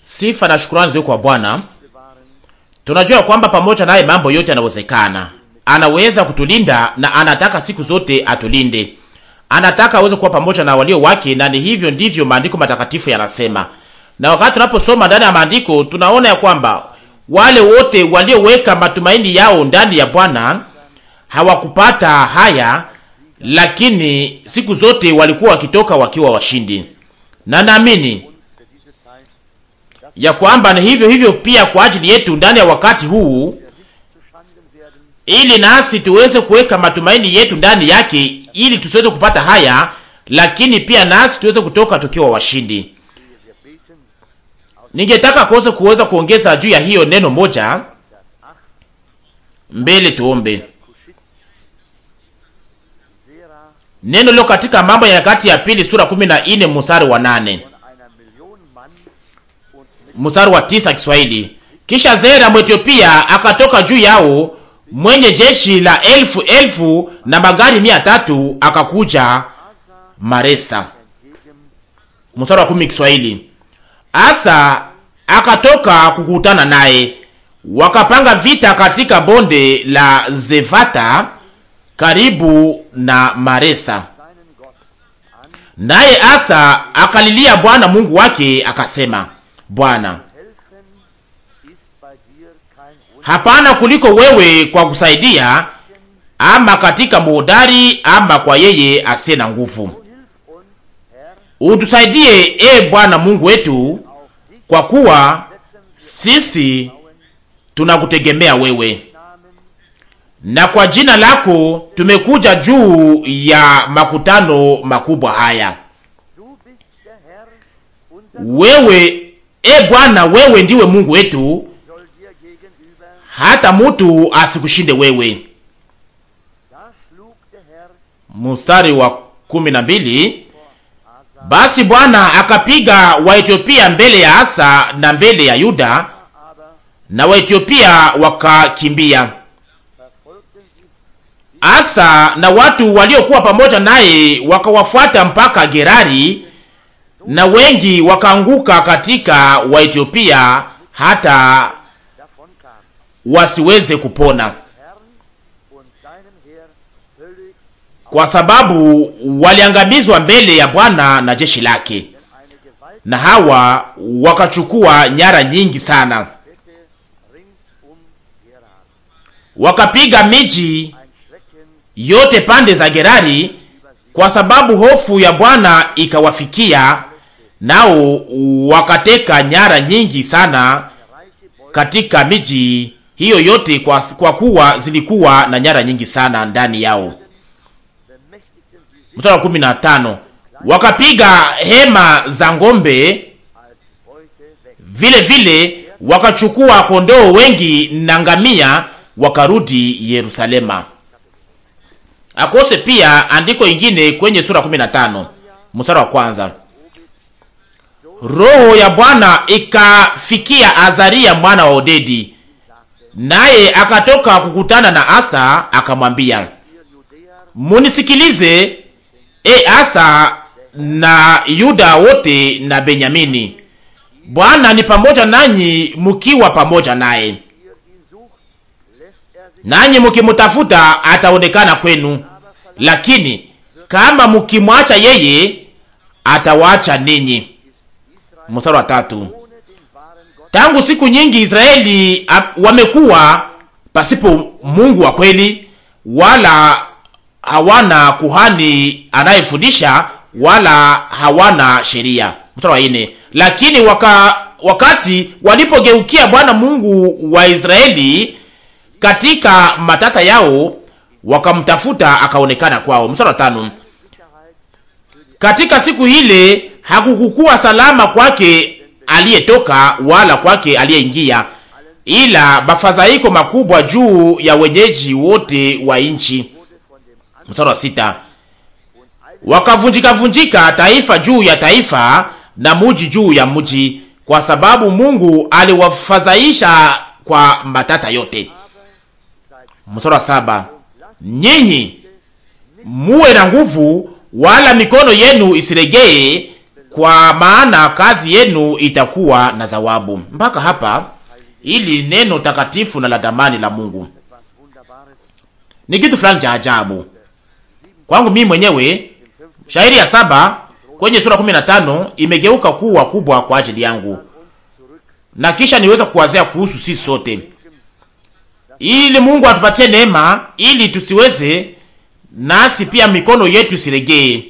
Sifa na shukurani ziwe kwa Bwana. Tunajua kwamba pamoja naye mambo yote yanawezekana. Anaweza kutulinda na anataka siku zote atulinde. Anataka aweze kuwa pamoja na walio wake, na ni hivyo ndivyo maandiko matakatifu yanasema. Na wakati tunaposoma ndani ya maandiko, tunaona ya kwamba wale wote walioweka matumaini yao ndani ya Bwana hawakupata haya lakini siku zote walikuwa wakitoka wakiwa washindi, na naamini ya kwamba ni hivyo hivyo pia kwa ajili yetu ndani ya wakati huu, ili nasi tuweze kuweka matumaini yetu ndani yake, ili tusiweze kupata haya, lakini pia nasi tuweze kutoka tukiwa washindi. Ningetaka kose kuweza kuongeza juu ya hiyo neno moja mbele, tuombe. Neno lilo katika Mambo ya Nyakati ya Pili sura 14 mstari wa nane mstari wa tisa Kiswahili. Kisha Zera Mwethiopia akatoka juu yao mwenye jeshi la elfu elfu na magari mia tatu akakuja Maresa. Mstari wa kumi Kiswahili. Asa akatoka kukutana naye wakapanga vita katika bonde la Zevata karibu na Maresa. Naye Asa akalilia Bwana Mungu wake akasema, Bwana, hapana kuliko wewe kwa kusaidia, ama katika muhodari, ama kwa yeye asiye na nguvu. Utusaidie e Bwana Mungu wetu, kwa kuwa sisi tunakutegemea wewe na kwa jina lako tumekuja juu ya makutano makubwa haya. Wewe e Bwana, wewe ndiwe Mungu wetu, hata mutu asikushinde wewe. Mstari wa kumi na mbili. Basi Bwana akapiga Waethiopia mbele ya Asa na mbele ya Yuda, na Waethiopia wakakimbia Asa na watu waliokuwa pamoja naye wakawafuata mpaka Gerari, na wengi wakaanguka katika Waethiopia hata wasiweze kupona, kwa sababu waliangamizwa mbele ya Bwana na jeshi lake, na hawa wakachukua nyara nyingi sana, wakapiga miji yote pande za Gerari, kwa sababu hofu ya Bwana ikawafikia, nao wakateka nyara nyingi sana katika miji hiyo yote, kwa, kwa kuwa zilikuwa na nyara nyingi sana ndani yao. Mstari wa kumi na tano wakapiga hema za ng'ombe vile vile wakachukua kondoo wengi na ngamia, wakarudi Yerusalema akose pia andiko ingine kwenye sura 15 mstari wa kwanza, roho ya Bwana ikafikia Azaria mwana wa Odedi, naye akatoka kukutana na Asa akamwambia, munisikilize e Asa na Yuda wote na Benyamini, Bwana ni pamoja nanyi mukiwa pamoja naye, nanyi mukimutafuta ataonekana kwenu lakini kama mkimwacha yeye atawacha ninyi. Mstari wa tatu. Tangu siku nyingi Israeli wamekuwa pasipo Mungu wa kweli, wala hawana kuhani anayefundisha, wala hawana sheria. Mstari wa nne. Lakini waka, wakati walipogeukia Bwana Mungu wa Israeli katika matata yao wakamtafuta akaonekana kwao. Mstari wa tano, katika siku ile hakukukuwa salama kwake aliyetoka wala kwake aliyeingia, ila mafadhaiko makubwa juu ya wenyeji wote wa nchi. Mstari wa sita, wakavunjika vunjika taifa juu ya taifa na muji juu ya muji, kwa sababu Mungu aliwafadhaisha kwa matata yote. Mstari wa saba nyinyi muwe na nguvu, wala mikono yenu isiregee, kwa maana kazi yenu itakuwa na zawabu. Mpaka hapa, ili neno takatifu na la damani la Mungu ni kitu fulani cha ajabu kwangu mimi mwenyewe. Shairi ya saba kwenye sura 15 imegeuka kuwa kubwa kwa ajili yangu, na kisha niweza kuwazea kuhusu sisi sote ili Mungu atupatie neema ili tusiweze nasi pia mikono yetu isiregee.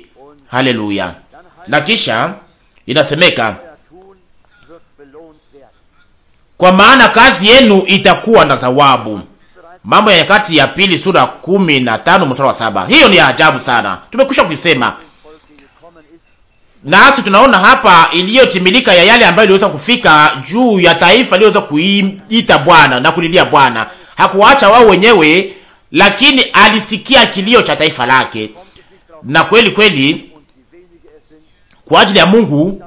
Haleluya! Na kisha inasemeka kwa maana kazi yenu itakuwa na zawabu. Mambo ya Nyakati ya Pili sura kumi na tano mstari wa saba. Hiyo ni ajabu sana, tumekwisha kuisema nasi tunaona hapa iliyotimilika ya yale ambayo iliweza kufika juu ya taifa iliyoweza kuita Bwana na kulilia Bwana hakuwacha wao wenyewe, lakini alisikia kilio cha taifa lake. Na kweli kweli, kwa ajili ya Mungu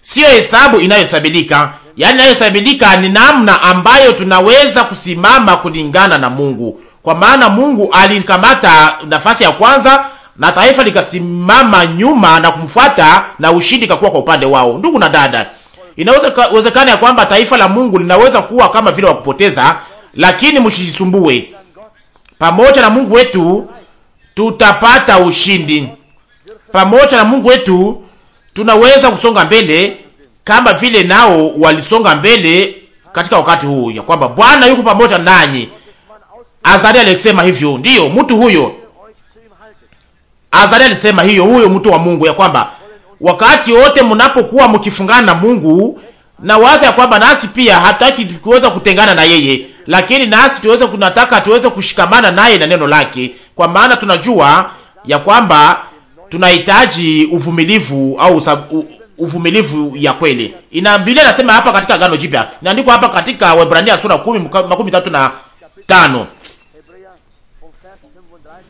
siyo hesabu inayosabilika, yaani inayosabilika ni namna ambayo tunaweza kusimama kulingana na Mungu, kwa maana Mungu alikamata nafasi ya kwanza na taifa likasimama nyuma na kumfuata, na ushindi kakuwa kwa upande wao. Ndugu na dada inawezekana ya kwamba taifa la Mungu linaweza kuwa kama vile wakupoteza, lakini msijisumbue. Pamoja na Mungu wetu tutapata ushindi. Pamoja na Mungu wetu tunaweza kusonga mbele kama vile nao walisonga mbele katika wakati huu, ya kwamba Bwana yuko pamoja nanyi. Azari alisema hivyo, ndiyo mtu huyo. Azari alisema hiyo, huyo mtu wa Mungu, ya kwamba Wakati wote mnapokuwa mkifungana na Mungu, na waza ya kwamba nasi pia hataki kuweza kutengana na yeye, lakini nasi tuweze kunataka tuweze kushikamana naye na neno lake, kwa maana tunajua ya kwamba tunahitaji uvumilivu au uvumilivu ya kweli. Ina Biblia nasema hapa katika Agano Jipya, inaandikwa hapa katika Waebrania sura 10 makumi tatu na tano.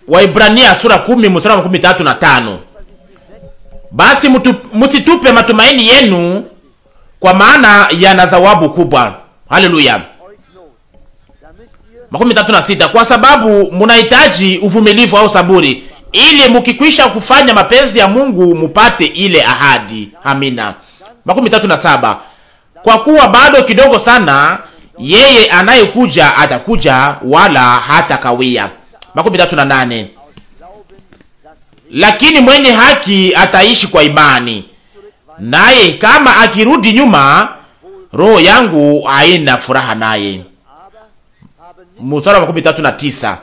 Waebrania sura 10 mstari wa makumi na tano. Basi msitupe matumaini yenu, kwa maana yana zawabu kubwa. Haleluya. Makumi tatu na sita. Kwa sababu munahitaji uvumilivu au saburi, ili mukikwisha kufanya mapenzi ya Mungu mupate ile ahadi. Amina. Makumi tatu na saba. Kwa kuwa bado kidogo sana, yeye anayekuja atakuja, wala kawia. Makumi tatu na nane lakini mwenye haki ataishi kwa imani, naye kama akirudi nyuma, roho yangu haina furaha naye. Mstari wa makumi tatu na tisa.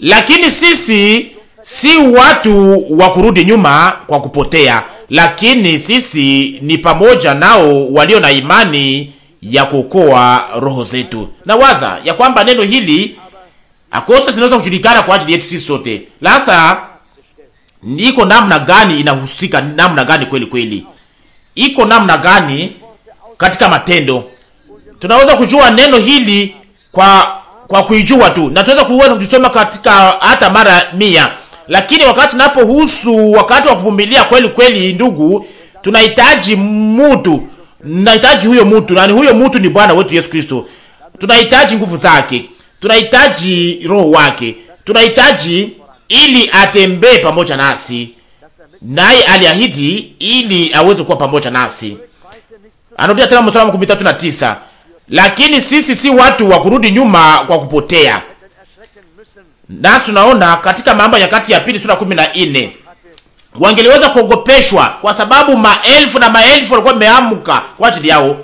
Lakini sisi si watu wa kurudi nyuma kwa kupotea, lakini sisi ni pamoja nao walio na imani ya kuokoa roho zetu. Na waza ya kwamba neno hili akosa zinaweza kujulikana kwa ajili yetu sisi sote. Lasa iko namna gani inahusika, namna gani kweli kweli, iko namna gani katika matendo. Tunaweza kujua neno hili kwa kwa kuijua tu, na tunaweza kuweza kujisoma katika hata mara mia, lakini wakati napohusu wakati wa kuvumilia kweli kweli, ndugu, tunahitaji mtu, tunahitaji huyo mtu, na huyo mtu ni Bwana wetu Yesu Kristo. Tunahitaji nguvu zake, tunahitaji roho wake, tunahitaji ili atembee pamoja nasi, naye aliahidi ili aweze kuwa pamoja nasi. Anarudia tena mstari makumi tatu na tisa lakini sisi si watu wa kurudi nyuma kwa kupotea. Nasi tunaona katika Mambo ya Kati ya Pili sura kumi na nne wangeliweza kuogopeshwa kwa sababu maelfu na maelfu walikuwa wameamka kwa ajili yao,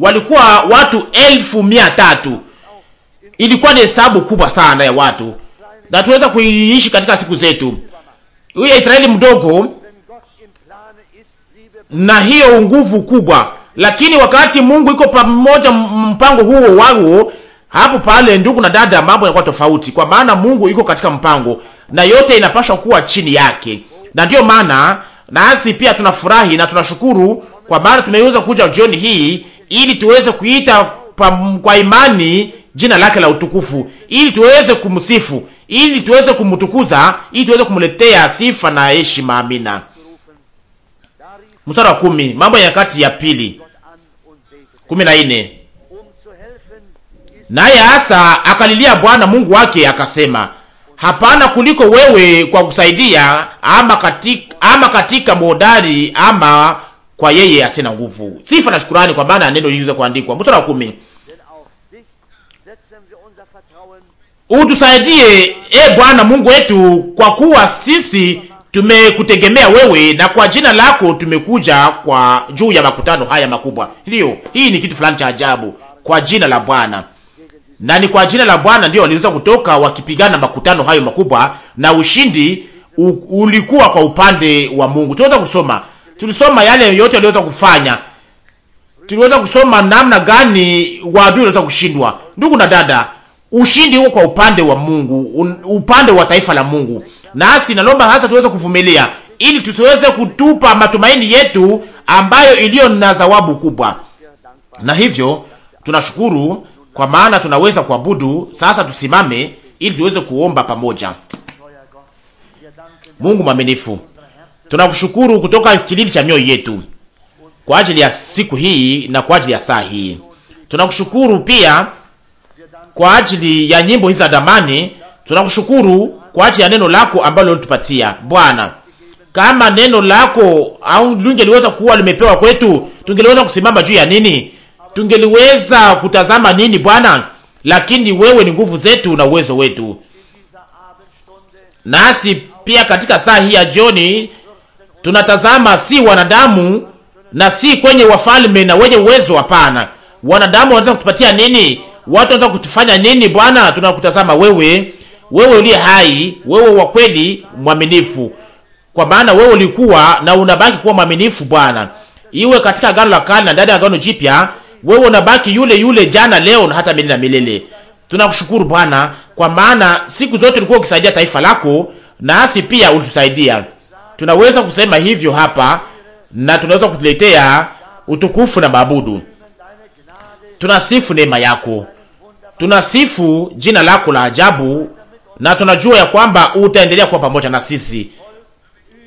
walikuwa watu elfu mia tatu. Ilikuwa ni hesabu kubwa sana ya watu na tuweza kuiishi katika siku zetu. Huyo Israeli mdogo na hiyo nguvu kubwa, lakini wakati Mungu iko pamoja, mpango huo wao hapo pale, ndugu na dada, mambo yanakuwa tofauti, kwa maana Mungu iko katika mpango na yote inapaswa kuwa chini yake, na ndiyo maana nasi pia tunafurahi na tunashukuru kwa maana tumeweza kuja jioni hii ili tuweze kuita pa, kwa imani jina lake la utukufu, ili tuweze kumsifu, ili tuweze kumtukuza, ili tuweze kumletea sifa na heshima. Amina. Mstari wa kumi, Mambo ya Nyakati ya Pili kumi na nne. Naye Asa akalilia Bwana Mungu wake akasema, hapana kuliko wewe kwa kusaidia, ama katika, ama katika modari ama kwa yeye asina nguvu. Sifa na shukurani kwa maana neno liliweza kuandikwa. Mstari wa kumi utusaidie, e Bwana Mungu wetu, kwa kuwa sisi tumekutegemea wewe na kwa jina lako tumekuja kwa juu ya makutano haya makubwa. Ndio, hii ni kitu fulani cha ajabu kwa jina la Bwana. Na ni kwa jina la Bwana ndio waliweza kutoka wakipigana makutano hayo makubwa, na ushindi u, ulikuwa kwa upande wa Mungu. Tuweza kusoma, tulisoma yale yote waliweza kufanya, tuliweza kusoma namna gani wadui waliweza kushindwa. Ndugu na dada, ushindi huo kwa upande wa Mungu, upande wa taifa la Mungu, nasi nalomba hasa tuweze kuvumilia ili tusiweze kutupa matumaini yetu ambayo iliyo na zawabu kubwa. Na hivyo tunashukuru kwa maana tunaweza kuabudu sasa. Tusimame ili tuweze kuomba pamoja. Mungu mwaminifu, tunakushukuru kutoka kilindi cha mioyo yetu kwa ajili ya siku hii na kwa ajili ya saa hii. Tunakushukuru pia kwa ajili ya nyimbo hizi za damani. Tunakushukuru kwa ajili ya neno lako ambalo ulitupatia Bwana. Kama neno lako au lingeliweza kuwa limepewa kwetu, tungeliweza kusimama juu ya nini? Tungeliweza kutazama nini Bwana? Lakini wewe ni nguvu zetu na uwezo wetu, nasi pia katika saa hii ya jioni tunatazama si wanadamu na si kwenye wafalme na wenye uwezo. Hapana, wanadamu wanaweza kutupatia nini? Watu wanataka kutufanya nini Bwana? Tunakutazama wewe, wewe uliye hai, wewe wa kweli, mwaminifu, kwa maana wewe ulikuwa na unabaki kuwa mwaminifu Bwana, iwe katika agano la kale na ndani ya agano jipya, wewe unabaki yule yule, jana, leo na hata milele na milele. Tunakushukuru Bwana, kwa maana siku zote ulikuwa ukisaidia taifa lako, nasi pia ulitusaidia. Tunaweza kusema hivyo hapa na tunaweza kutuletea utukufu na mabudu. Tunasifu neema yako tunasifu jina lako la ajabu, na tunajua ya kwamba utaendelea kuwa pamoja na sisi.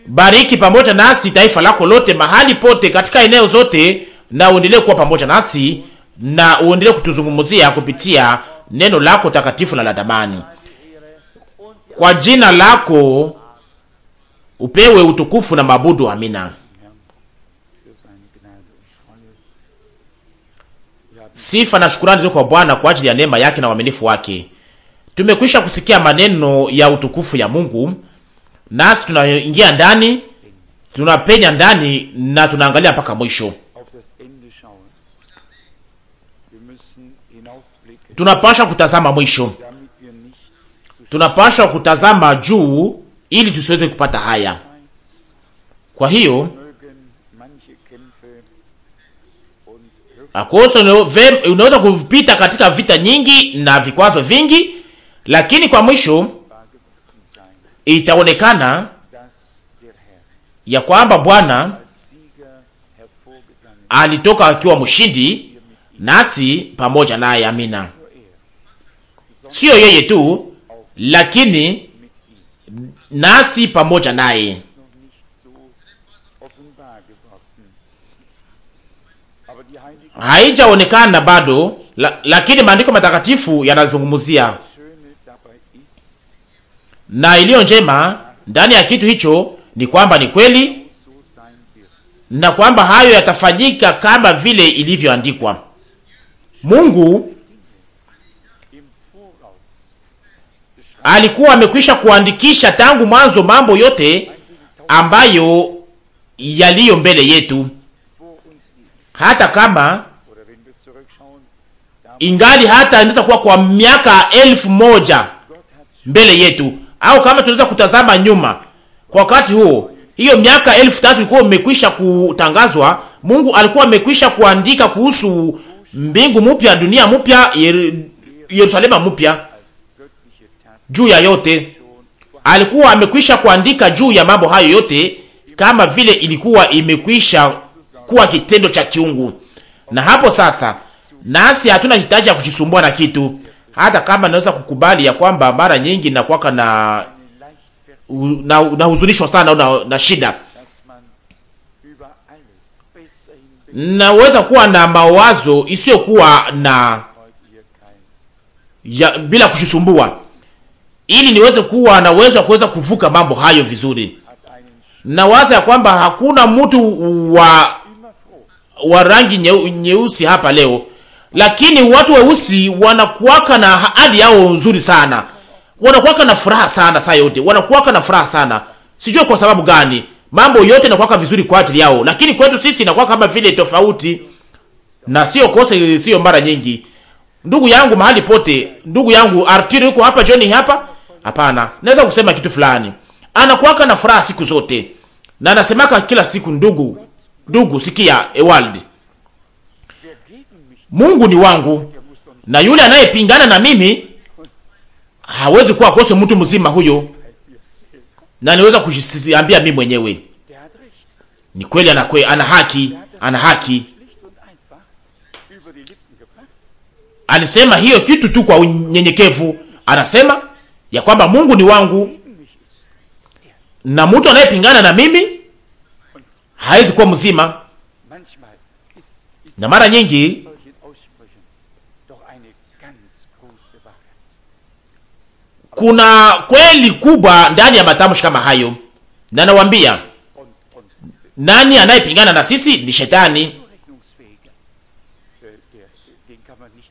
Bariki pamoja nasi taifa lako lote mahali pote, katika eneo zote, na uendelee kuwa pamoja nasi na uendelee kutuzungumzia kupitia neno lako takatifu na la damani. Kwa jina lako upewe utukufu na mabudu. Amina. Sifa na shukurani zote kwa Bwana kwa ajili ya neema yake na uaminifu wake. Tumekwisha kusikia maneno ya utukufu ya Mungu, nasi tunaingia ndani, tunapenya ndani na tunaangalia mpaka mwisho. Tunapasha kutazama mwisho, tunapasha kutazama juu ili tusiweze kupata haya. Kwa hiyo Akoso unaweza kupita katika vita nyingi na vikwazo vingi, lakini kwa mwisho itaonekana ya kwamba Bwana alitoka akiwa mshindi, nasi pamoja naye. Amina. Siyo yeye tu, lakini nasi pamoja naye. haijaonekana bado la, lakini maandiko matakatifu yanazungumzia, na iliyo njema ndani ya kitu hicho ni kwamba ni kweli na kwamba hayo yatafanyika kama vile ilivyoandikwa. Mungu alikuwa amekwisha kuandikisha tangu mwanzo mambo yote ambayo yaliyo mbele yetu hata kama ingali hata inaweza kuwa kwa miaka elfu moja mbele yetu, au kama tunaweza kutazama nyuma kwa wakati huo, hiyo miaka elfu tatu ilikuwa imekwisha kutangazwa. Mungu alikuwa amekwisha kuandika kuhusu mbingu mpya, dunia mpya, Yerusalema mpya. Juu ya yote alikuwa amekwisha kuandika juu ya mambo hayo yote, kama vile ilikuwa imekwisha kuwa kitendo cha kiungu. Na hapo sasa, nasi hatuna hitaji ya kujisumbua na kitu, hata kama naweza kukubali ya kwamba mara nyingi nakwaka na nahuzunishwa na, na sana na, na shida naweza kuwa na mawazo isiyokuwa na ya, bila kujisumbua, ili niweze kuwa na uwezo wa kuweza kuvuka mambo hayo vizuri. Nawaza ya kwamba hakuna mtu wa wa rangi nyeusi nye hapa leo, lakini watu weusi wa wanakuwaka na hali yao nzuri sana, wanakuwaka na furaha sana saa yote, wanakuwaka na furaha sana, sijui kwa sababu gani. Mambo yote yanakuwaka vizuri kwa ajili yao, lakini kwetu sisi inakuwa kama vile tofauti, na sio kosa, sio mara nyingi. Ndugu yangu mahali pote, ndugu yangu Arturo yuko hapa, John hapa, hapana, naweza kusema kitu fulani, anakuwaka na furaha siku zote, na anasemaka kila siku, ndugu Ndugu sikia, Ewald, Mungu ni wangu, na yule anayepingana na mimi hawezi kuwa kose mtu mzima huyo, na niweza kujiambia mimi mwenyewe ni kweli, ana kweli, ana haki, ana haki. Alisema hiyo kitu tu kwa unyenyekevu, anasema ya kwamba Mungu ni wangu, na mtu anayepingana na mimi hawezi kuwa mzima, na mara nyingi kuna kweli kubwa ndani ya matamshi kama hayo, na nawaambia nani anayepingana na sisi ni Shetani,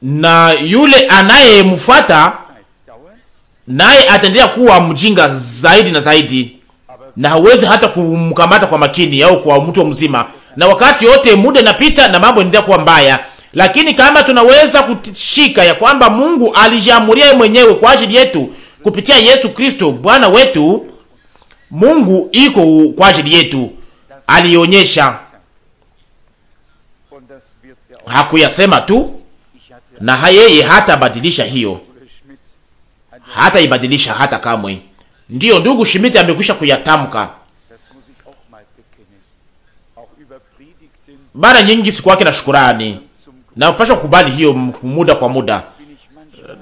na yule anayemfuata naye ataendelea kuwa mjinga zaidi na zaidi na hawezi hata kumkamata kwa makini au kwa mtu mzima, na wakati wote muda inapita na mambo yanaendelea kuwa mbaya. Lakini kama tunaweza kushika ya kwamba Mungu alijiamuria mwenyewe kwa ajili yetu kupitia Yesu Kristo Bwana wetu, Mungu iko kwa ajili yetu, alionyesha hakuyasema tu, na yeye hatabadilisha hiyo, hataibadilisha hata kamwe. Ndiyo, ndugu Schmidt amekwisha kuyatamka mara nyingi, siku yake na shukurani na upasha kukubali hiyo muda kwa muda.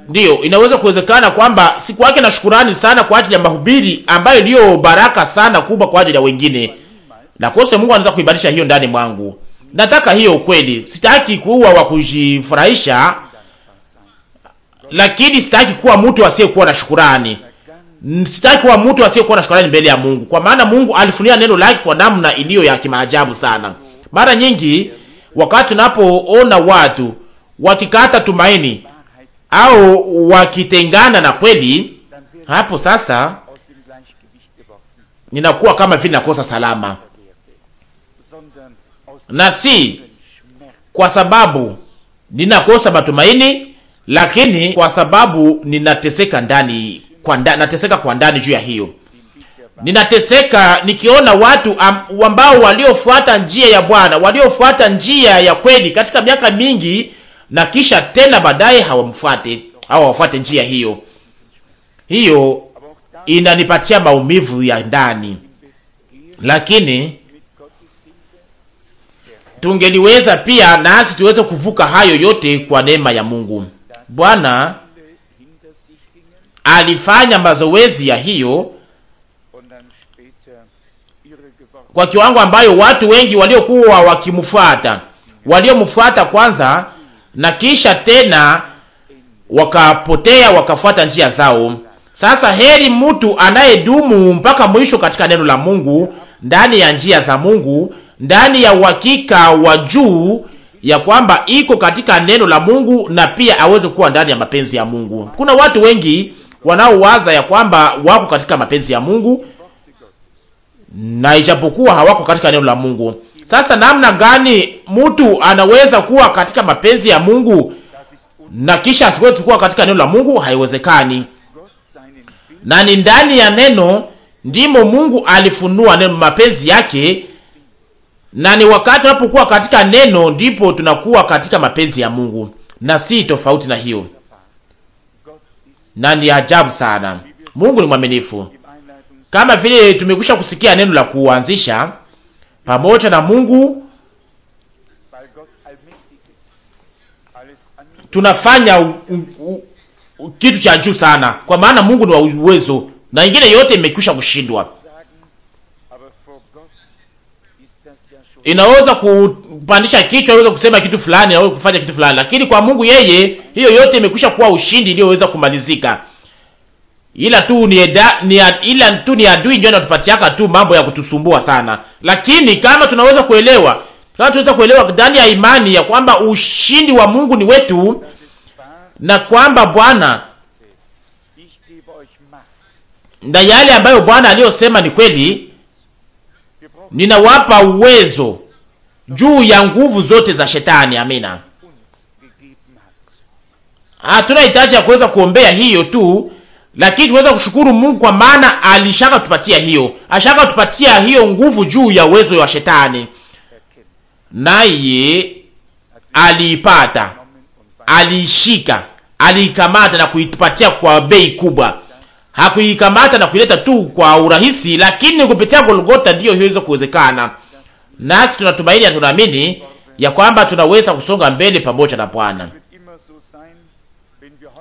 Ndiyo, inaweza kuwezekana kwamba siku yake na shukurani sana kwa ajili ya mahubiri ambayo iliyo baraka sana kubwa kwa ajili ya wengine, na kose Mungu anaweza kuibadilisha hiyo ndani mwangu. Nataka hiyo ukweli, sitaki kuwa wa kujifurahisha, lakini sitaki kuwa mtu asiyekuwa na shukurani sitaki wa mtu asiyekuwa na shukrani mbele ya Mungu, kwa maana Mungu alifunia neno lake kwa namna iliyo ya kimaajabu sana. Mara nyingi wakati tunapoona watu wakikata tumaini au wakitengana na kweli, hapo sasa ninakuwa kama vile nakosa salama, na si kwa sababu ninakosa matumaini, lakini kwa sababu ninateseka ndani kwa ndani, nateseka kwa ndani juu ya hiyo. Ninateseka nikiona watu ambao waliofuata njia ya Bwana, waliofuata njia ya kweli katika miaka mingi, na kisha tena baadaye hawamfuate au hawafuate njia hiyo. Hiyo inanipatia maumivu ya ndani, lakini tungeliweza pia nasi tuweze kuvuka hayo yote kwa neema ya Mungu. Bwana alifanya mazoezi ya hiyo kwa kiwango ambayo watu wengi waliokuwa wakimfuata waliomfuata kwanza na kisha tena wakapotea wakafuata njia zao. Sasa heri mtu anayedumu mpaka mwisho katika neno la Mungu, ndani ya njia za Mungu, ndani ya uhakika wa juu ya kwamba iko katika neno la Mungu na pia aweze kuwa ndani ya mapenzi ya Mungu. Kuna watu wengi wanaowaza ya kwamba wako katika mapenzi ya Mungu na ijapokuwa hawako katika neno la Mungu. Sasa namna gani mtu anaweza kuwa katika mapenzi ya Mungu na kisha asiwezi kuwa katika neno la Mungu? Haiwezekani. Na ni ndani ya neno ndimo Mungu alifunua neno mapenzi yake, na ni wakati unapokuwa katika neno ndipo tunakuwa katika mapenzi ya Mungu, na si tofauti na hiyo na ni ajabu sana. Mungu ni mwaminifu. Kama vile tumekwisha kusikia neno la kuanzisha pamoja na Mungu, tunafanya u, u, u, kitu cha juu sana, kwa maana Mungu ni wa uwezo na ingine yote imekwisha kushindwa. inaweza kupandisha kichwa, inaweza kusema kitu fulani au kufanya kitu fulani, lakini kwa Mungu yeye hiyo yote imekwisha kuwa ushindi iliyoweza kumalizika. Ila tu ni eda, ni ad, ila tu ni adui ndio anatupatiaka tu mambo ya kutusumbua sana, lakini kama tunaweza kuelewa, kama tunaweza kuelewa ndani ya imani ya kwamba ushindi wa Mungu ni wetu na kwamba Bwana na yale ambayo Bwana aliyosema ni kweli ninawapa uwezo juu ya nguvu zote za shetani. Amina. Hatuna ah, hitaji ya kuweza kuombea hiyo tu, lakini tunaweza kushukuru Mungu kwa maana alishaka tupatia hiyo, ashaka tupatia hiyo nguvu juu ya uwezo wa shetani, naye aliipata, aliishika, aliikamata na kuitupatia kwa bei kubwa hakuikamata na kuileta tu kwa urahisi, lakini kupitia Golgota ndiyo hiyo kuwezekana. Nasi tunatumaini na tunaamini ya kwamba tunaweza kusonga mbele pamoja na Bwana.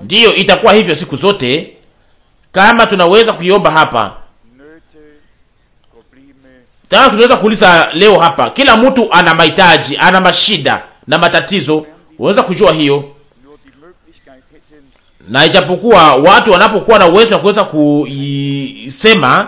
Ndiyo itakuwa hivyo siku zote, kama tunaweza kuiomba hapa tana, tunaweza kuuliza leo hapa, kila mtu ana mahitaji, ana mashida na matatizo, unaweza kujua hiyo na ijapokuwa watu wanapokuwa na uwezo wa kuweza kusema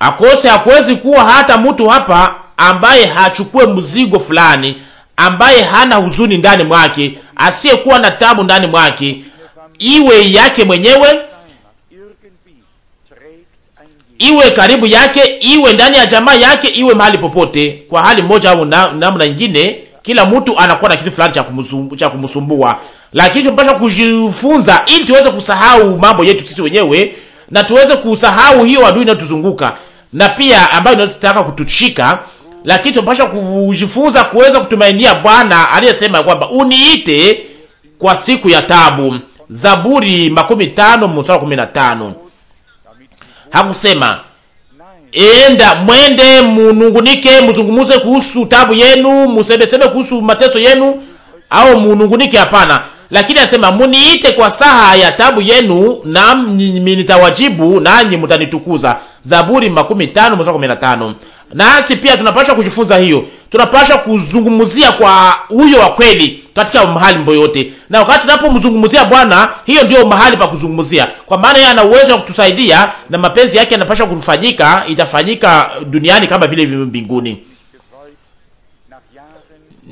akose, hakuwezi kuwa hata mtu hapa ambaye hachukue mzigo fulani, ambaye hana huzuni ndani mwake, asiyekuwa na tabu ndani mwake, iwe yake mwenyewe, iwe karibu yake, iwe ndani ya jamaa yake, iwe mahali popote, kwa hali moja au namna na nyingine, kila mtu anakuwa na kitu fulani cha kumsumbua lakini tunapaswa kujifunza ili tuweze kusahau mambo yetu sisi wenyewe na tuweze kusahau hiyo adui inayotuzunguka na pia ambayo inataka kutushika, lakini tunapaswa kujifunza kuweza kutumainia Bwana aliyesema kwamba uniite kwa siku ya tabu. Zaburi makumi tano mstari kumi na tano. Hakusema enda mwende munungunike, muzungumuze kuhusu tabu yenu, musebeseme kuhusu mateso yenu, au munungunike. Hapana, lakini anasema muniite kwa saha ya tabu yenu, nami nitawajibu, nanyi mtanitukuza. Zaburi makumi tano mstari kumi na tano. Nasi pia tunapaswa kujifunza hiyo, tunapaswa kuzungumzia kwa huyo wa kweli katika mahali mbo yote, na wakati tunapomzungumzia Bwana, hiyo ndio mahali pa kuzungumzia, kwa maana yeye ana uwezo wa kutusaidia na mapenzi yake yanapaswa kufanyika, itafanyika duniani kama vile vile mbinguni.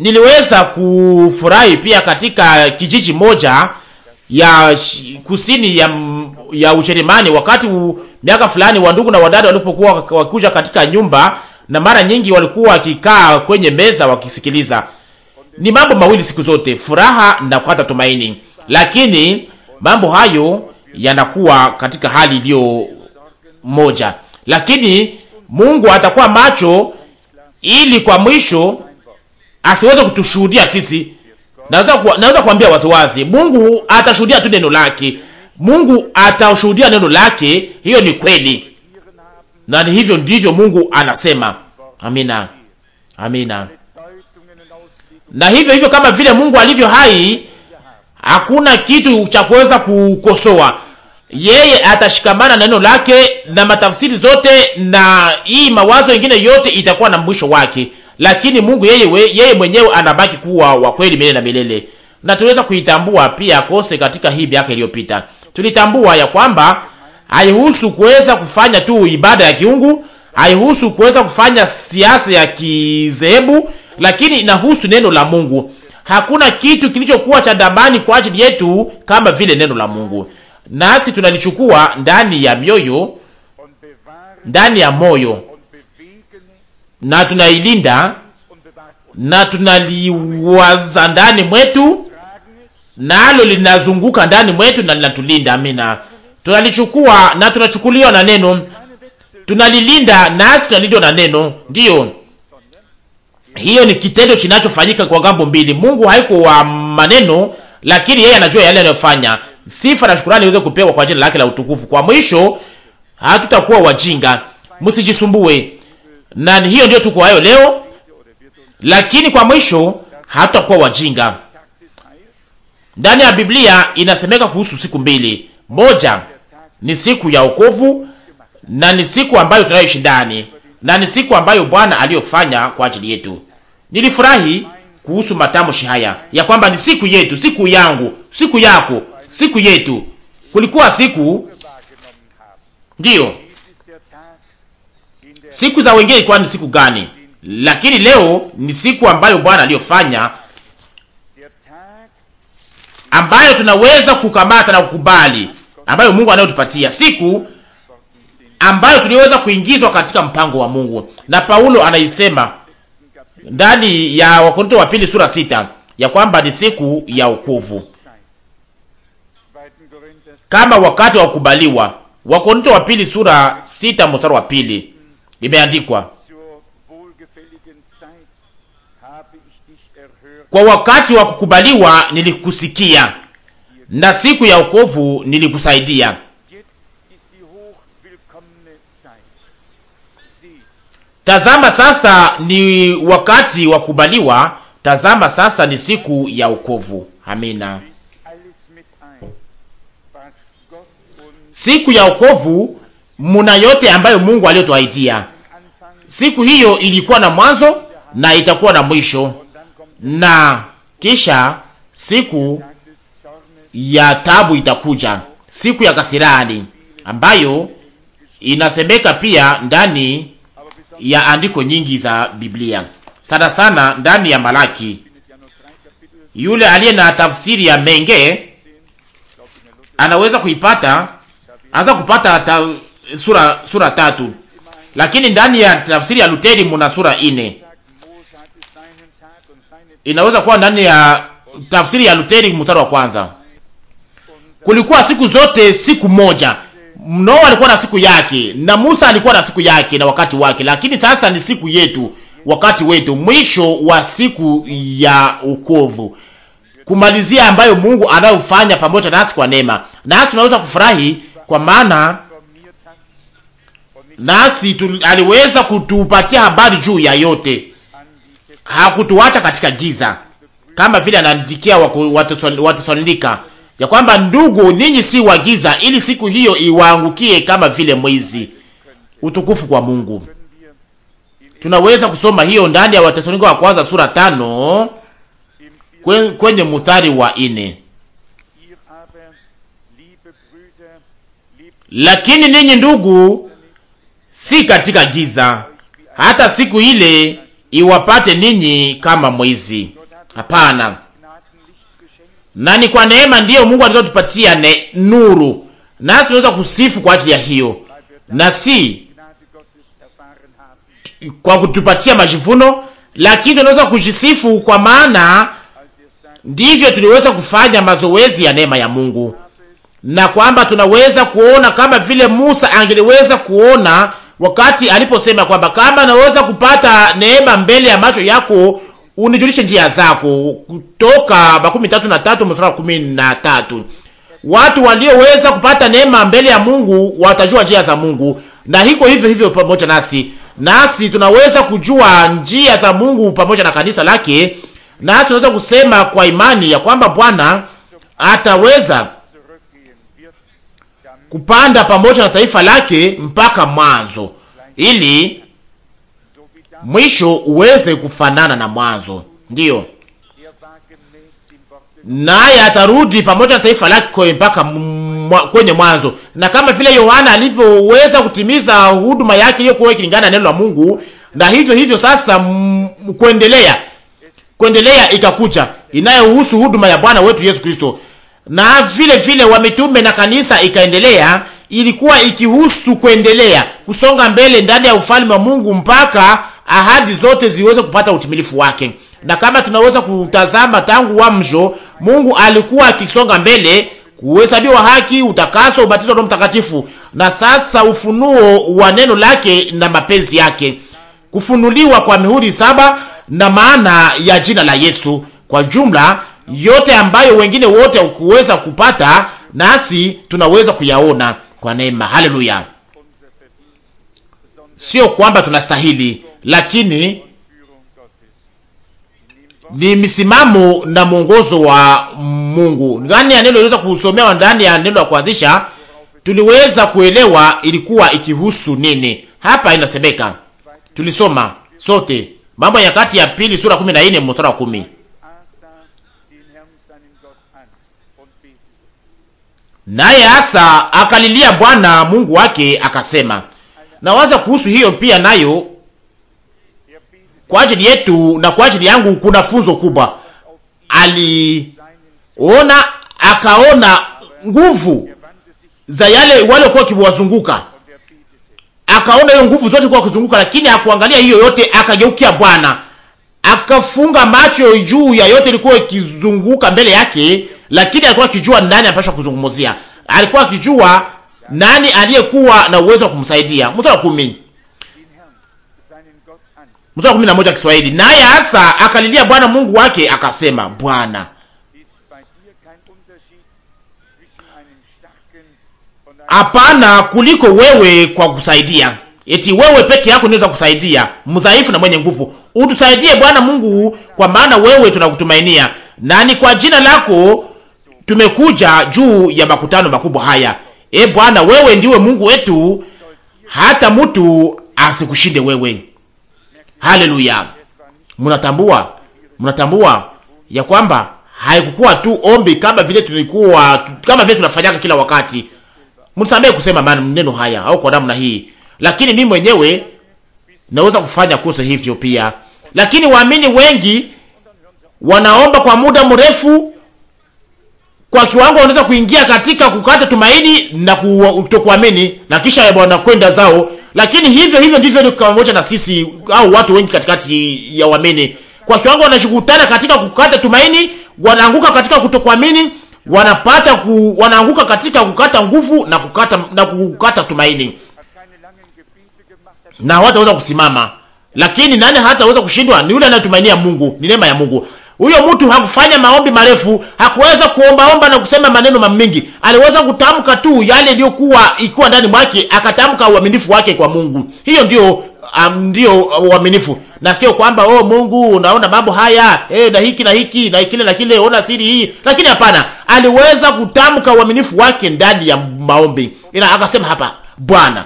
Niliweza kufurahi pia katika kijiji moja ya kusini ya, ya Ujerumani wakati u, miaka fulani wandugu na wadada walipokuwa wakuja katika nyumba, na mara nyingi walikuwa wakikaa kwenye meza wakisikiliza. Ni mambo mawili siku zote, furaha na kukata tumaini, lakini mambo hayo yanakuwa katika hali iliyo moja, lakini Mungu atakuwa macho ili kwa mwisho asiweze kutushuhudia sisi. Naweza ku, naweza kuambia waziwazi, Mungu atashuhudia tu neno lake. Mungu atashuhudia neno lake, hiyo ni kweli, na ni hivyo ndivyo Mungu anasema. Amina, amina. Na hivyo hivyo, kama vile Mungu alivyo hai, hakuna kitu cha kuweza kukosoa yeye atashikamana na neno lake na matafsiri zote, na hii mawazo ingine yote itakuwa na mwisho wake lakini Mungu yeye, we, yeye mwenyewe anabaki kuwa wa kweli milele na milele, na tuweza kuitambua pia kose katika hii miaka iliyopita, tulitambua ya kwamba haihusu kuweza kufanya tu ibada ya kiungu, haihusu kuweza kufanya siasa ya kizehebu, lakini inahusu neno la Mungu. Hakuna kitu kilichokuwa cha dabani kwa ajili yetu kama vile neno la Mungu, nasi tunalichukua ndani ya mioyo, ndani ya moyo na tunailinda na tunaliwaza ndani mwetu, nalo linazunguka ndani mwetu na linatulinda. Amina, tunalichukua na tunachukuliwa na neno, tunalilinda nasi tunalindwa na neno. Ndiyo, hiyo ni kitendo kinachofanyika kwa gambo mbili. Mungu haiko wa maneno, lakini yeye anajua yale anayofanya. Sifa na shukrani iweze kupewa kwa jina lake la utukufu. Kwa mwisho, hatutakuwa wajinga, msijisumbue na hiyo ndio tuko hayo leo, lakini kwa mwisho hatutakuwa wajinga. Ndani ya Biblia inasemeka kuhusu siku mbili, moja ni siku ya wokovu na ni siku ambayo tunayoishi ndani na ni siku ambayo Bwana aliyofanya kwa ajili yetu. Nilifurahi kuhusu matamshi haya ya kwamba ni siku yetu, siku yangu, siku yako, siku yetu. Kulikuwa siku ndiyo Siku za wengine ilikuwa ni siku gani? Lakini leo ni siku ambayo Bwana aliyofanya, ambayo tunaweza kukamata na kukubali, ambayo Mungu anayotupatia, siku ambayo tuliweza kuingizwa katika mpango wa Mungu. Na Paulo anaisema ndani ya Wakorinto wa pili sura sita ya kwamba ni siku ya ukovu kama wakati wa kukubaliwa. Wakorinto wa pili sura sita mstari wa pili Imeandikwa, kwa wakati wa kukubaliwa nilikusikia, na siku ya wokovu nilikusaidia. Tazama sasa ni wakati wa kubaliwa, tazama sasa ni siku ya wokovu. Amina. Siku ya wokovu muna yote ambayo Mungu aliyotuahidia. Siku hiyo ilikuwa na mwanzo na itakuwa na mwisho, na kisha siku ya tabu itakuja, siku ya kasirani ambayo inasemeka pia ndani ya andiko nyingi za Biblia, sana sana ndani ya Malaki. Yule aliye na tafsiri ya Menge anaweza kuipata, anaweza kupata ta sura sura tatu, lakini ndani ya tafsiri ya Luteri muna sura ine. Inaweza kuwa ndani ya tafsiri ya Luteri mstari wa kwanza, kulikuwa siku zote siku moja. Noa alikuwa na siku yake na Musa alikuwa na siku yake na wakati wake, lakini sasa ni siku yetu, wakati wetu, mwisho wa siku ya ukovu, kumalizia ambayo Mungu anayofanya pamoja nasi kwa neema, nasi tunaweza kufurahi kwa maana nasi tu, aliweza kutupatia habari juu ya yote, hakutuacha katika giza, kama vile anaandikia Watesalonika ya kwamba ndugu, ninyi si wa giza, ili siku hiyo iwaangukie kama vile mwizi. Utukufu kwa Mungu. Tunaweza kusoma hiyo ndani ya Watesalonika wa kwanza sura tano kwenye mstari wa ine. Lakini ninyi ndugu si katika giza, hata siku ile iwapate ninyi kama mwizi. Hapana, na ni kwa neema ndiyo Mungu alizotupatia ne nuru, nasi tunaweza kusifu kwa ajili ya hiyo, na si kwa kutupatia majivuno, lakini tunaweza kujisifu kwa maana ndivyo tuliweza kufanya mazoezi ya neema ya Mungu, na kwamba tunaweza kuona kama vile Musa angeliweza kuona wakati aliposema kwamba kama naweza kupata neema mbele ya macho yako unijulishe njia zako, kutoka makumi tatu na tatu mstari wa kumi na tatu. Watu walioweza kupata neema mbele ya Mungu watajua njia za Mungu, na hiko hivyo hivyo pamoja nasi, nasi tunaweza kujua njia za Mungu pamoja na kanisa lake, nasi tunaweza kusema kwa imani ya kwamba Bwana ataweza kupanda pamoja na taifa lake mpaka mwanzo, ili mwisho uweze kufanana na mwanzo. Ndiyo, naye atarudi pamoja na taifa lake mpaka kwenye mwanzo, na kama vile Yohana alivyoweza kutimiza huduma yake iliyokuwa ikilingana na neno la Mungu, na hivyo hivyo sasa kuendelea kuendelea ikakuja inayohusu huduma ya Bwana wetu Yesu Kristo na vile vile wa mitume na kanisa ikaendelea, ilikuwa ikihusu kuendelea kusonga mbele ndani ya ufalme wa Mungu mpaka ahadi zote ziweze kupata utimilifu wake. Na kama tunaweza kutazama tangu wamjo, Mungu alikuwa akisonga mbele kuhesabiwa haki, utakaso, ubatizo wa Roho Mtakatifu, na sasa ufunuo wa neno lake na mapenzi yake, kufunuliwa kwa mihuri saba na maana ya jina la Yesu. Kwa jumla yote ambayo wengine wote hukuweza kupata, nasi tunaweza kuyaona kwa neema. Haleluya! Sio kwamba tunastahili, lakini ni misimamo na mwongozo wa Mungu. Ndani ya neno iliweza kusomewa, ndani ya neno ya kuanzisha tuliweza kuelewa ilikuwa ikihusu nini. Hapa inasemeka, tulisoma sote Mambo ya Nyakati ya Pili sura 14 mstari wa 10. Naye Asa akalilia Bwana Mungu wake akasema. Nawaza kuhusu hiyo pia nayo kwa ajili yetu na kwa ajili yangu kuna funzo kubwa. Aliona, akaona nguvu za yale wale kwa kiwazunguka, akaona hiyo nguvu zote kwa kuzunguka, lakini hakuangalia hiyo yote, akageukia Bwana, akafunga macho juu ya yote ilikuwa ikizunguka mbele yake lakini alikuwa akijua nani anapaswa kuzungumzia. Alikuwa akijua nani aliyekuwa na uwezo wa kumsaidia. Mstari wa 10. Mstari wa 11 Kiswahili. Naye hasa akalilia Bwana Mungu wake akasema, Bwana hapana kuliko wewe kwa kusaidia. Eti wewe peke yako unaweza kusaidia, mdhaifu na mwenye nguvu. Utusaidie Bwana Mungu, kwa maana wewe tunakutumainia. nani kwa jina lako tumekuja juu ya makutano makubwa haya. E Bwana, wewe ndiwe Mungu wetu, hata mtu asikushinde wewe. Haleluya! Mnatambua, mnatambua ya kwamba haikukuwa tu ombi kama vile tulikuwa kama vile tunafanyaka kila wakati. Mnisamehe kusema maneno haya au kwa namna hii, lakini mimi mwenyewe naweza kufanya kuso hivyo pia. Lakini waamini wengi wanaomba kwa muda mrefu kwa kiwango wanaweza kuingia katika kukata tumaini na kutokuamini na kisha bwana kwenda zao. Lakini hivyo hivyo ndivyo ni pamoja na sisi au watu wengi katikati ya waamini, kwa kiwango wanashukutana katika kukata tumaini, wanaanguka katika kutokuamini, wanapata ku, wanaanguka katika kukata nguvu na kukata na kukata tumaini, na hawataweza kusimama. Lakini nani hataweza kushindwa? Ni yule anayetumainia Mungu, ni neema ya Mungu. Huyo mtu hakufanya maombi marefu, hakuweza kuombaomba na kusema maneno mamingi. Aliweza kutamka tu yale iliyokuwa ikiwa ndani mwake, akatamka uaminifu wake kwa Mungu. Hiyo ndio um, ndio uaminifu, na sio kwamba oh, Mungu unaona mambo haya eh, na hiki na hiki na kile na kile, ona siri hii. Lakini hapana, aliweza kutamka uaminifu wake ndani ya maombi, ila akasema hapa, Bwana,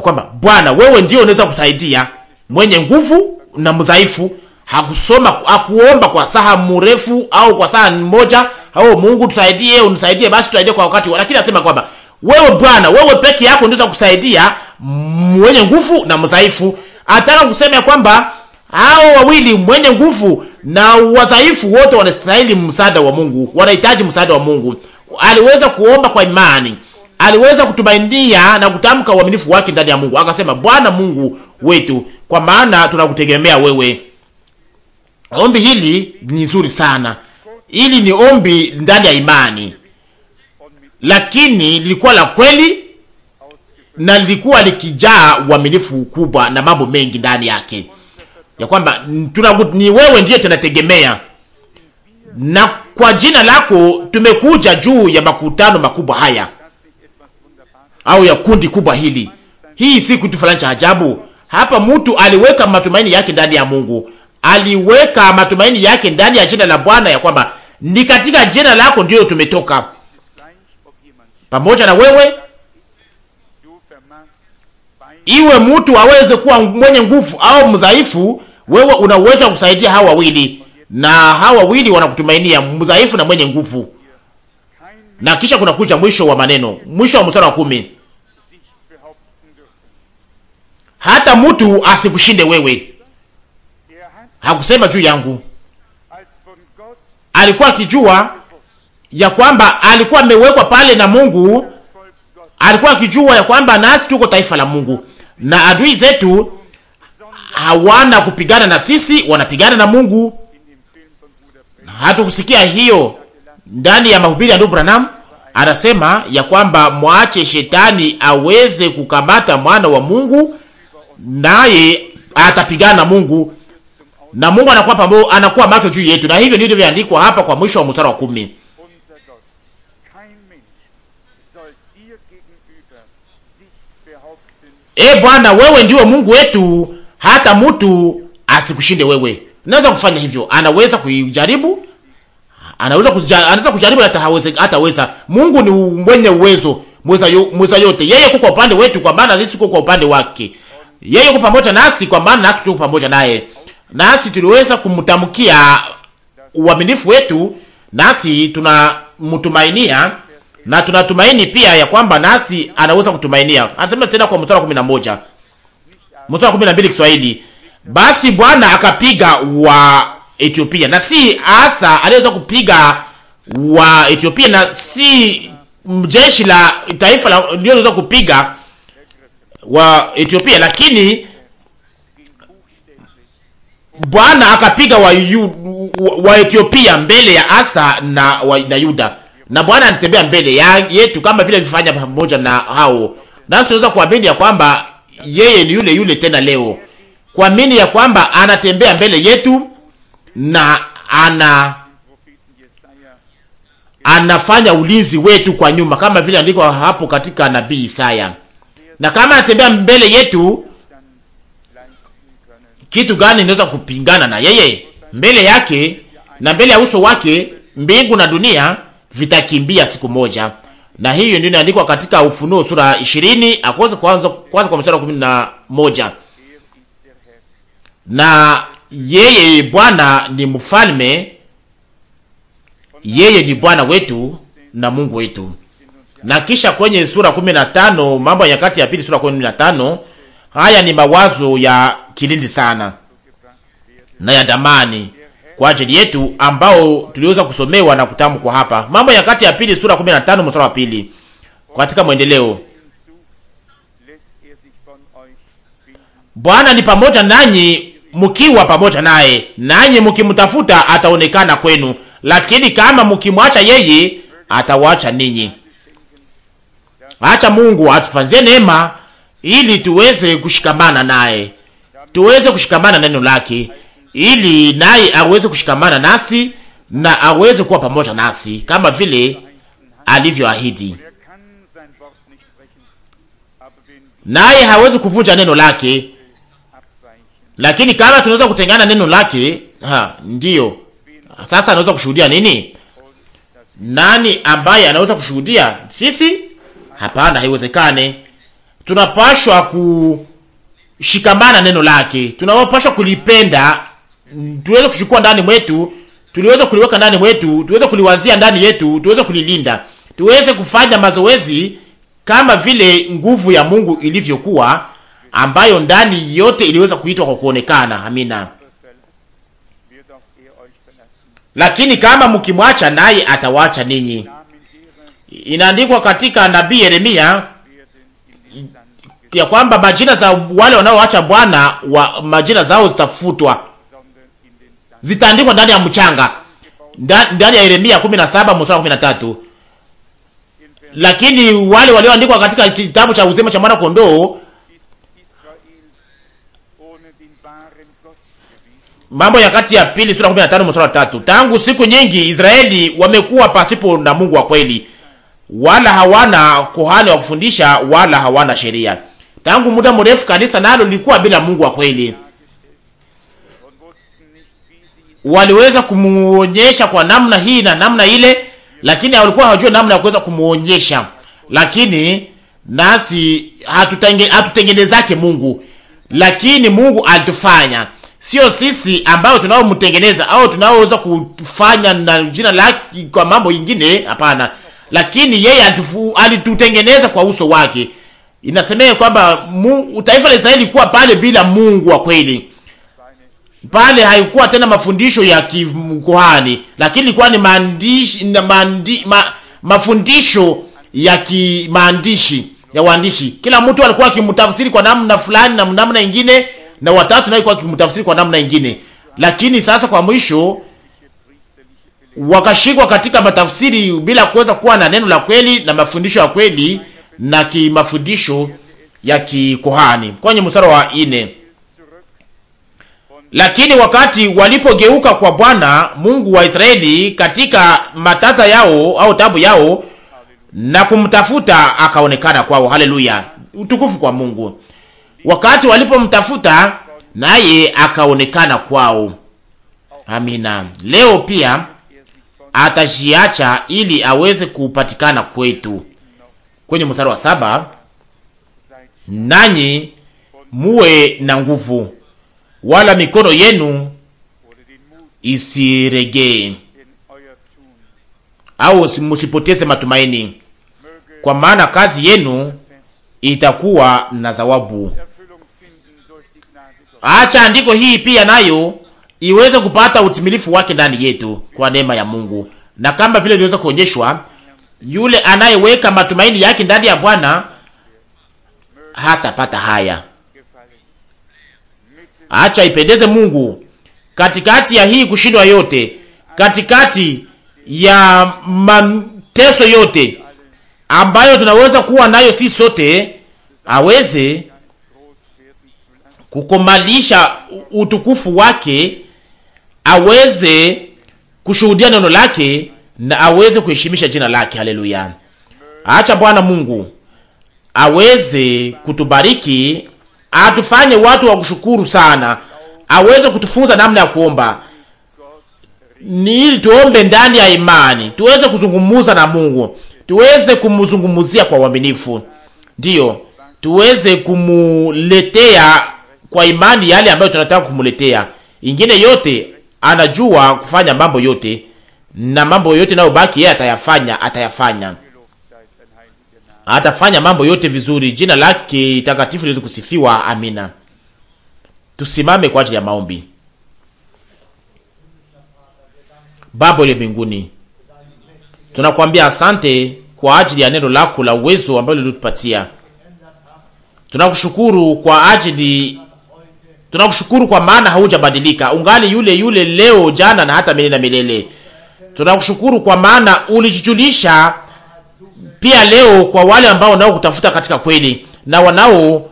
kwamba Bwana, wewe ndio unaweza kusaidia mwenye nguvu na mdhaifu hakusoma hakuomba kwa saha mrefu au kwa saha moja au Mungu tusaidie, unisaidie basi tusaidie kwa wakati, lakini anasema kwamba wewe Bwana, wewe peke yako ndio kusaidia mwenye nguvu na mdhaifu. Ataka kusema kwamba hao wawili mwenye nguvu na wadhaifu wote wanastahili msaada wa Mungu, wanahitaji msaada wa Mungu. Aliweza kuomba kwa imani, aliweza kutumainia na kutamka uaminifu wake ndani ya Mungu, akasema Bwana Mungu wetu, kwa maana tunakutegemea wewe Ombi hili ni nzuri sana, hili ni ombi ndani ya imani, lakini lilikuwa la kweli na lilikuwa likijaa uaminifu kubwa na mambo mengi ndani yake, ya kwamba ni wewe ndiye tunategemea na kwa jina lako tumekuja juu ya makutano makubwa haya au ya kundi kubwa hili. Hii si kitu fulani cha ajabu. Hapa mtu aliweka matumaini yake ndani ya Mungu, aliweka matumaini yake ndani ya jina la Bwana, ya kwamba ni katika jina lako ndiyo tumetoka pamoja na wewe, iwe mtu aweze kuwa mwenye nguvu au mdhaifu, wewe una uwezo wa kusaidia hawa wawili, na hawa wawili wanakutumainia, mdhaifu na mwenye nguvu. Na kisha kuna kuja mwisho wa maneno, mwisho wa mstari wa kumi, hata mtu asikushinde wewe hakusema juu yangu. Alikuwa akijua ya kwamba alikuwa amewekwa pale na Mungu, alikuwa akijua ya kwamba nasi tuko taifa la Mungu na adui zetu hawana kupigana na sisi, wanapigana na Mungu. Hatukusikia hiyo ndani ya mahubiri ya ndugu Branham. Anasema ya kwamba mwache shetani aweze kukamata mwana wa Mungu, naye atapigana na Mungu na Mungu anakuwa pamo, anakuwa macho juu yetu, na hivyo ndivyo vyandikwa hapa kwa mwisho wa mstari wa kumi. E Bwana, wewe ndiwe Mungu wetu, hata mtu asikushinde wewe. Naweza kufanya hivyo, anaweza kujaribu, anaweza kujaribu, anaweza kujaribu, hata hawezi, hataweza. Mungu ni mwenye uwezo mweza, yo, mweza yote. Yeye kuko upande wetu, kwa maana sisi kuko kwa upande wake. Yeye yuko pamoja nasi, kwa maana nasi tuko pamoja naye nasi tuliweza kumtamkia uaminifu wetu, nasi tunamtumainia na tunatumaini pia ya kwamba nasi anaweza kutumainia. Anasema tena kwa mstari wa 11, mstari wa 12 Kiswahili, basi Bwana akapiga wa Ethiopia na si Asa aliweza kupiga wa Ethiopia na si jeshi la taifa la ndio kupiga wa Ethiopia, lakini Bwana akapiga wa, wa Ethiopia mbele ya Asa na, wa, na Yuda, na Bwana anatembea mbele ya yetu kama vile vifanya pamoja na hao, nasi tunaweza kuamini ya kwamba yeye ni yule yule tena leo, kuamini ya kwamba anatembea mbele yetu na ana anafanya ulinzi wetu kwa nyuma, kama vile andikwa hapo katika nabii Isaya. Na kama anatembea mbele yetu, kitu gani inaweza kupingana na yeye? Mbele yake na mbele ya uso wake mbingu na dunia vitakimbia siku moja. Na hiyo ndio inaandikwa katika Ufunuo sura 20 akoza kwanza kwanza kwa mstari wa 11. Na yeye Bwana ni mfalme, yeye ni Bwana wetu na Mungu wetu. Na kisha kwenye sura 15, mambo ya nyakati ya pili sura 15, haya ni mawazo ya kilindi sana na ya damani kwa ajili yetu, ambao tuliweza kusomewa na kutamkwa hapa, Mambo ya Nyakati ya Pili sura 15 mstari wa pili, katika mwendeleo Bwana ni pamoja nanyi mkiwa pamoja naye, nanyi mkimtafuta ataonekana kwenu, lakini kama mkimwacha yeye atawacha ninyi. Acha Mungu atufanzie neema ili tuweze kushikamana naye tuweze kushikamana neno lake, ili naye aweze kushikamana nasi na aweze kuwa pamoja nasi kama vile alivyoahidi. Naye hawezi kuvunja neno lake, lakini kama tunaweza kutengana neno lake, ha, ndiyo sasa anaweza kushuhudia nini? Nani ambaye anaweza kushuhudia? Sisi? Hapana, haiwezekane. Tunapashwa ku shikamana neno lake, tunawapasha kulipenda, tuweze kuchukua ndani mwetu, tuliweze kuliweka ndani mwetu, tuweze kuliwazia ndani yetu, tuweze kulilinda, tuweze kufanya mazoezi kama vile nguvu ya Mungu ilivyokuwa ambayo ndani yote iliweza kuitwa kwa kuonekana. Amina. Lakini kama mkimwacha, naye atawacha ninyi. Inaandikwa katika nabii Yeremia ya kwamba majina za wale wanaoacha Bwana wa majina zao zitafutwa, zitaandikwa ndani ya mchanga, ndani ya Yeremia 17 mstari 13. Lakini wale walioandikwa katika kitabu cha uzima cha mwana kondoo, Mambo ya Kati ya pili sura 15 mstari wa 3, tangu siku nyingi Israeli wamekuwa pasipo na Mungu wa kweli, wala hawana kuhani wa kufundisha, wala hawana sheria. Tangu muda mrefu kanisa nalo lilikuwa bila Mungu wa kweli. Waliweza kumuonyesha kwa namna hii na namna ile, lakini walikuwa hawajua namna ya kuweza kumuonyesha. Lakini nasi hatutenge, hatutengenezake Mungu, lakini Mungu alitufanya, sio sisi ambao tunaomtengeneza au tunaoweza kufanya na jina lake kwa mambo ingine. Hapana, lakini yeye alitutengeneza kwa uso wake inasemea kwamba taifa la Israeli likuwa pale bila Mungu wa kweli. Pale haikuwa tena mafundisho ya kikuhani, lakini ilikuwa ni maandishi na maandi, ma, mafundisho ya kimaandishi ya waandishi. Kila mtu alikuwa akimtafsiri kwa namna fulani na namna nyingine, na watatu naye alikuwa akimtafsiri kwa namna nyingine. Lakini sasa kwa mwisho wakashikwa katika matafsiri bila kuweza kuwa na neno la kweli na mafundisho ya kweli na kimafundisho ya kikohani kwenye mstari wa ine. Lakini wakati walipogeuka kwa Bwana Mungu wa Israeli katika matata yao au tabu yao na kumtafuta, akaonekana kwao. Haleluya, utukufu kwa Mungu. Wakati walipomtafuta naye akaonekana kwao. Amina. Leo pia atajiacha ili aweze kupatikana kwetu kwenye mstari wa saba, nanyi muwe na nguvu, wala mikono yenu isiregee au musipoteze matumaini, kwa maana kazi yenu itakuwa na zawabu. Acha andiko hii pia nayo iweze kupata utimilifu wake ndani yetu kwa neema ya Mungu, na kama vile iliweza kuonyeshwa yule anayeweka matumaini yake ndani ya Bwana hatapata haya. Acha ipendeze Mungu katikati ya hii kushindwa yote, katikati ya mateso yote ambayo tunaweza kuwa nayo si sote, aweze kukomalisha utukufu wake, aweze kushuhudia neno lake na aweze kuheshimisha jina lake. Haleluya! Acha Bwana Mungu aweze kutubariki, atufanye watu wa kushukuru sana, aweze kutufunza namna ya kuomba ni ili tuombe ndani ya imani, tuweze kuzungumuza na Mungu, tuweze kumzungumuzia kwa uaminifu, ndiyo tuweze kumuletea kwa imani yale ambayo tunataka kumuletea. Ingine yote anajua kufanya mambo yote na mambo yote baki, yeye atayafanya, atayafanya, atafanya mambo yote vizuri. Jina lake takatifu liweze kusifiwa. Amina. Tusimame kwa ajili ya maombi. Baba ile mbinguni, tunakwambia asante kwa ajili ya neno lako la uwezo ambalo ulitupatia. Tunakushukuru kwa ajili tunakushukuru kwa maana haujabadilika, ungali yule yule leo, jana na hata milele na milele. Tunakushukuru kwa maana ulijijulisha pia leo kwa wale ambao nao kutafuta katika kweli na wanao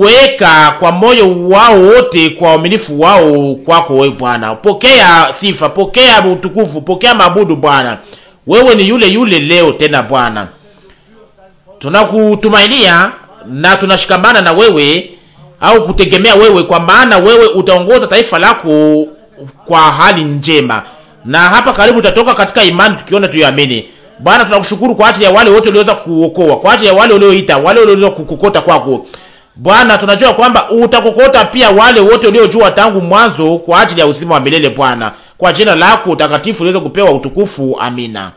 weka kwa moyo wao wote kwa uaminifu wao kwako wewe Bwana. Pokea sifa, pokea utukufu, pokea mabudu Bwana. Wewe ni yule yule leo tena Bwana. Tunakutumainia na tunashikamana na wewe au kutegemea wewe, kwa maana wewe utaongoza taifa lako kwa hali njema na hapa karibu tutatoka katika imani, tukiona tuamini. Bwana, tunakushukuru kwa ajili ya wale wote walioweza kuokoa, kwa ajili ya wale walioita, wale walioweza kukokota kwako Bwana. Tunajua kwamba utakokota pia wale wote waliojua tangu mwanzo, kwa ajili ya uzima wa milele Bwana. Kwa jina lako utakatifu uweze kupewa utukufu. Amina.